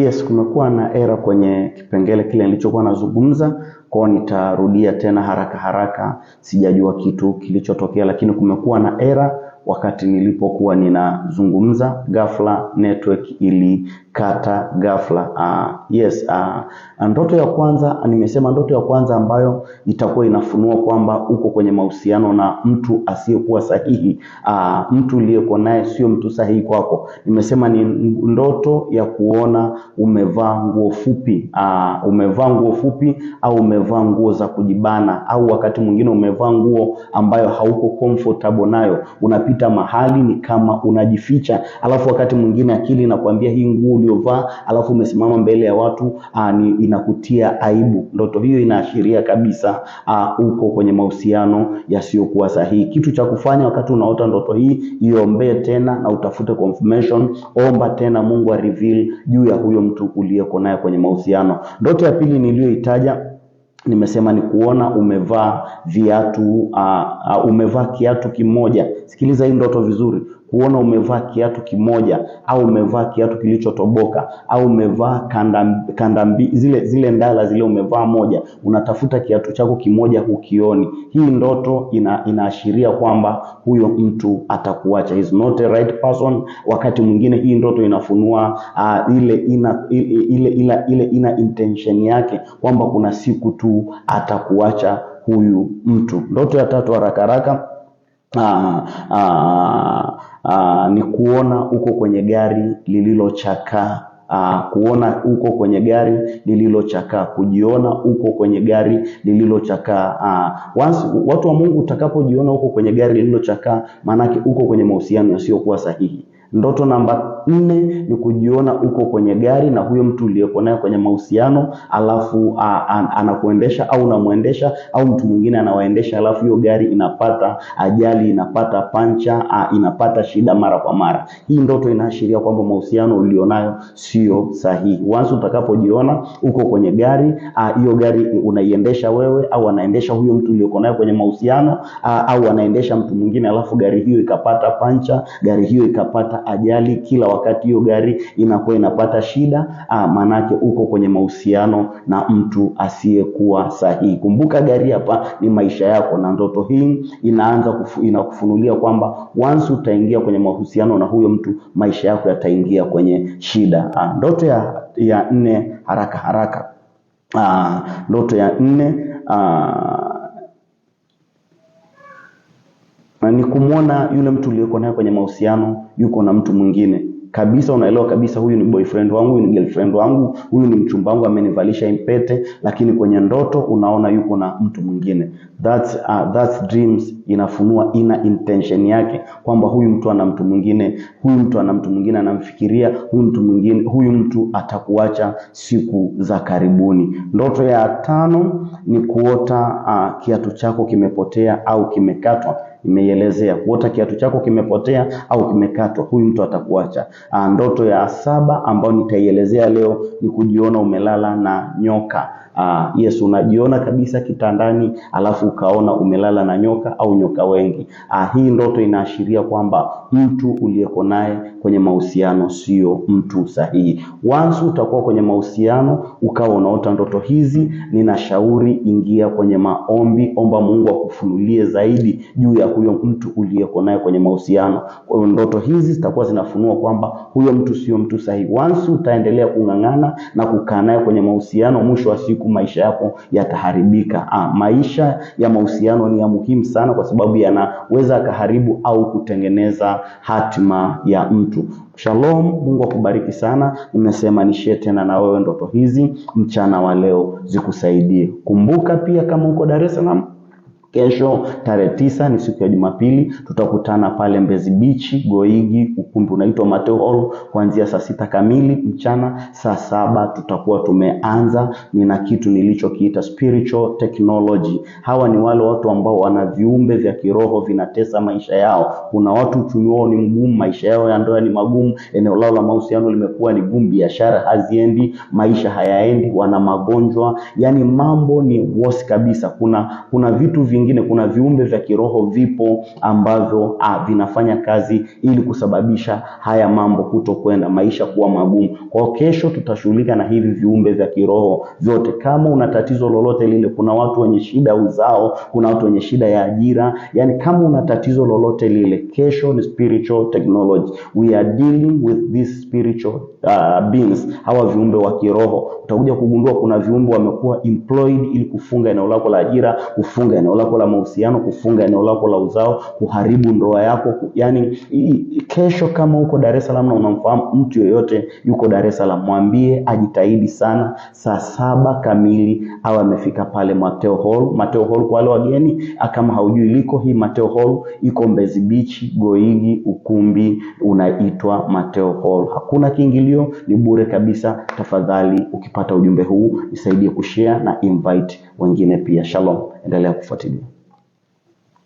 Yes, kumekuwa na era kwenye kipengele kile nilichokuwa nazungumza kwao, nitarudia tena haraka haraka, sijajua kitu kilichotokea, lakini kumekuwa na era wakati nilipokuwa ninazungumza, ghafla network ilikata ghafla. Ah, yes, ah, ah, ndoto ya kwanza nimesema, ndoto ya kwanza ambayo itakuwa inafunua kwamba uko kwenye mahusiano na mtu asiyekuwa sahihi. uh, mtu uliyeko naye sio mtu sahihi kwako. Nimesema ni ndoto ya kuona umevaa nguo fupi. uh, umevaa nguo fupi au umevaa nguo za kujibana au wakati mwingine umevaa nguo ambayo hauko comfortable nayo unapita unapita mahali ni kama unajificha, alafu wakati mwingine akili inakwambia hii nguo uliovaa, alafu umesimama mbele ya watu ah, ni inakutia aibu. Ndoto hiyo inaashiria kabisa aa, ah, uko kwenye mahusiano yasiyokuwa sahihi. Kitu cha kufanya wakati unaota ndoto hii, iombee tena na utafute confirmation. Omba tena Mungu a reveal juu ya huyo mtu uliyeko naye kwenye mahusiano. Ndoto ya pili niliyoitaja nimesema ni kuona umevaa viatu uh, uh, umevaa kiatu kimoja. Sikiliza hii ndoto vizuri, kuona umevaa kiatu kimoja au umevaa kiatu kilichotoboka au umevaa kanda, kanda mbi, zile, zile ndala zile umevaa moja, unatafuta kiatu chako kimoja hukioni. Hii ndoto ina, inaashiria kwamba huyo mtu atakuacha, is not a right person. Wakati mwingine hii ndoto inafunua uh, ile ina ile, ile, ile, ile ina intention yake kwamba kuna siku tu atakuacha huyu mtu. Ndoto ya tatu haraka haraka aa, ah, aa, ah, aa, ah, ni kuona uko kwenye gari lililochakaa Uh, kuona uko kwenye gari lililochakaa, kujiona uko kwenye gari lililochakaa. Uh, watu wa Mungu, utakapojiona uko kwenye gari lililochakaa, maanake uko kwenye mahusiano yasiyokuwa sahihi. Ndoto namba nne ni kujiona uko kwenye gari na huyo mtu uliyeko naye kwenye mahusiano, alafu anakuendesha au unamwendesha au mtu mwingine anawaendesha, alafu hiyo gari inapata ajali, inapata pancha, inapata shida mara kwa mara. Hii ndoto inaashiria kwamba mahusiano ulionayo sio sahihi. Wanzo utakapojiona uko kwenye gari hiyo, gari unaiendesha wewe au anaendesha huyo mtu uliyoko naye kwenye mahusiano, au anaendesha mtu mwingine, alafu gari hiyo ikapata pancha, gari hiyo ikapata ajali kila wakati, hiyo gari inakuwa inapata shida, ah, maanake uko kwenye mahusiano na mtu asiyekuwa sahihi. Kumbuka gari hapa ni maisha yako, na ndoto hii inaanza kufu, inakufunulia kwamba once utaingia kwenye mahusiano na huyo mtu, maisha yako yataingia kwenye shida. Aa, ah, ndoto ya, ya nne haraka haraka. Aa, ah, ndoto ya nne aa, na ni kumwona yule mtu uliyekuwa naye kwenye mahusiano yuko na mtu mwingine kabisa, unaelewa kabisa, huyu ni boyfriend wangu, huyu ni girlfriend wangu, huyu ni mchumba wangu, amenivalisha impete, lakini kwenye ndoto unaona yuko na mtu mwingine. That's, uh, that's dreams inafunua ina intention yake kwamba huyu mtu ana mtu mwingine, huyu mtu ana mtu mwingine, anamfikiria huyu mtu mwingine, huyu mtu atakuacha siku za karibuni. Ndoto ya tano ni kuota uh, kiatu chako kimepotea au kimekatwa imeielezea kuota kiatu chako kimepotea au kimekatwa, huyu mtu atakuacha. Ah, ndoto ya saba ambayo nitaielezea leo ni kujiona umelala na nyoka. Ah, yes, unajiona kabisa kitandani alafu ukaona umelala na nyoka au nyoka wengi. Ah, hii ndoto inaashiria kwamba mtu uliyeko naye kwenye mahusiano sio mtu sahihi. wansu utakuwa kwenye mahusiano ukawa unaota ndoto hizi, ninashauri ingia kwenye maombi, omba Mungu akufunulie zaidi juu ya huyo mtu uliyeko naye kwenye mahusiano. Kwa hiyo ndoto hizi zitakuwa zinafunua kwamba huyo mtu sio mtu sahihi. Once utaendelea kung'ang'ana na kukaa naye kwenye mahusiano, mwisho wa siku maisha yako yataharibika. Ah, maisha ya mahusiano ni ya muhimu sana, kwa sababu yanaweza akaharibu au kutengeneza hatima ya mtu. Shalom, Mungu akubariki sana. Nimesema nishie tena na wewe ndoto hizi mchana wa leo zikusaidie. Kumbuka pia kama uko Dar es Salaam Kesho tarehe tisa ni siku ya Jumapili, tutakutana pale Mbezi bichi Goigi, ukumbi unaitwa Mateo hol kuanzia saa sita kamili mchana. Saa saba tutakuwa tumeanza, nina kitu nilichokiita spiritual technology. Hawa ni wale watu ambao wana viumbe vya kiroho vinatesa maisha yao. Kuna watu uchumi wao ni mgumu, maisha yao ya ndoa ni magumu, eneo lao la mahusiano limekuwa ni gumu, biashara haziendi, maisha hayaendi, wana magonjwa, yani mambo ni wosi kabisa. Kuna kuna vitu vingi vingine kuna viumbe vya kiroho vipo ambavyo ah, vinafanya kazi ili kusababisha haya mambo kutokwenda, maisha kuwa magumu. Kwa kesho tutashughulika na hivi viumbe vya kiroho vyote. Kama una tatizo lolote lile, kuna watu wenye shida uzao, kuna watu wenye shida ya ajira, yani kama una tatizo lolote lile, kesho ni spiritual technology. We are dealing with these spiritual uh, beings, hawa viumbe wa kiroho. Utakuja kugundua kuna viumbe wamekuwa employed ili kufunga eneo lako la ajira, kufunga eneo lako lako la mahusiano, kufunga eneo lako la uzao, kuharibu ndoa yako. Yani kesho kama uko Dar es Salaam na unamfahamu mtu yoyote yuko Dar es Salaam, mwambie ajitahidi sana, saa saba kamili awe amefika pale Mateo Hall. Mateo Hall kwa wale wageni kama haujui liko hii, Mateo Hall iko Mbezi Beach, Goigi, ukumbi unaitwa Mateo Hall. Hakuna kiingilio, ni bure kabisa. Tafadhali ukipata ujumbe huu nisaidie kushare na invite wengine pia. Shalom, endelea kufuatilia.